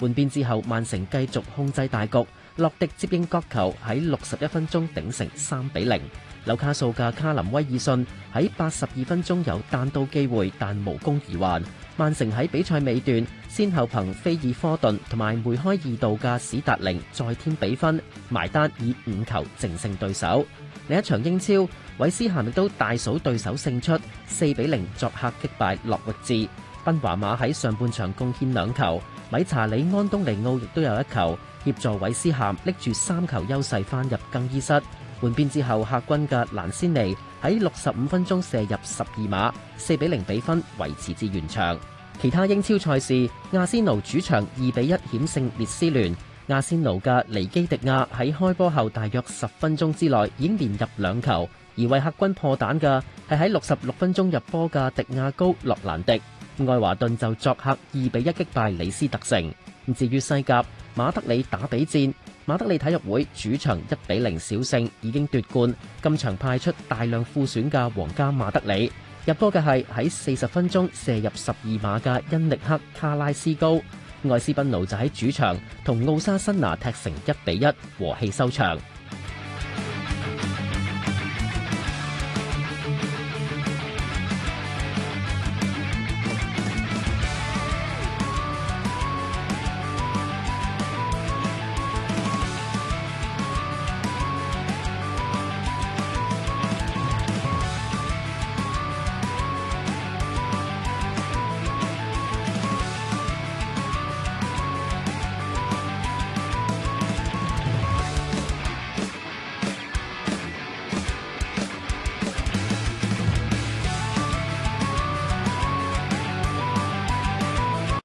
換邊之後，曼城繼續控制大局，落迪接應角球喺六十一分鐘頂成三比零。紐卡素嘅卡林威爾遜喺八十二分鐘有單刀機會，但無功而還。曼城喺比賽尾段先後憑菲爾科頓同埋梅開二度嘅史達寧再添比分，埋單以五球淨勝對手。另一場英超，韋斯咸亦都大掃對手勝出，四比零作客擊敗諾域治。賓華馬喺上半場貢獻兩球，米查里安東尼奧亦都有一球協助。韋斯咸拎住三球優勢翻入更衣室，換邊之後，客軍嘅蘭斯尼喺六十五分鐘射入十二碼，四比零比分維持至完場。其他英超賽事，阿仙奴主場二比一險勝列斯聯。阿仙奴嘅尼基迪亞喺開波後大約十分鐘之內已經連入兩球，而為客軍破蛋嘅係喺六十六分鐘入波嘅迪亞高洛蘭迪。愛華頓就作客二比一擊敗里斯特城，至於西甲，馬德里打比戰，馬德里體育會主場一比零小勝，已經奪冠。今場派出大量副選嘅皇家馬德里入波嘅係喺四十分鐘射入十二碼嘅恩力克卡拉斯高。愛斯賓奴就喺主場同奧沙辛拿踢成一比一和氣收場。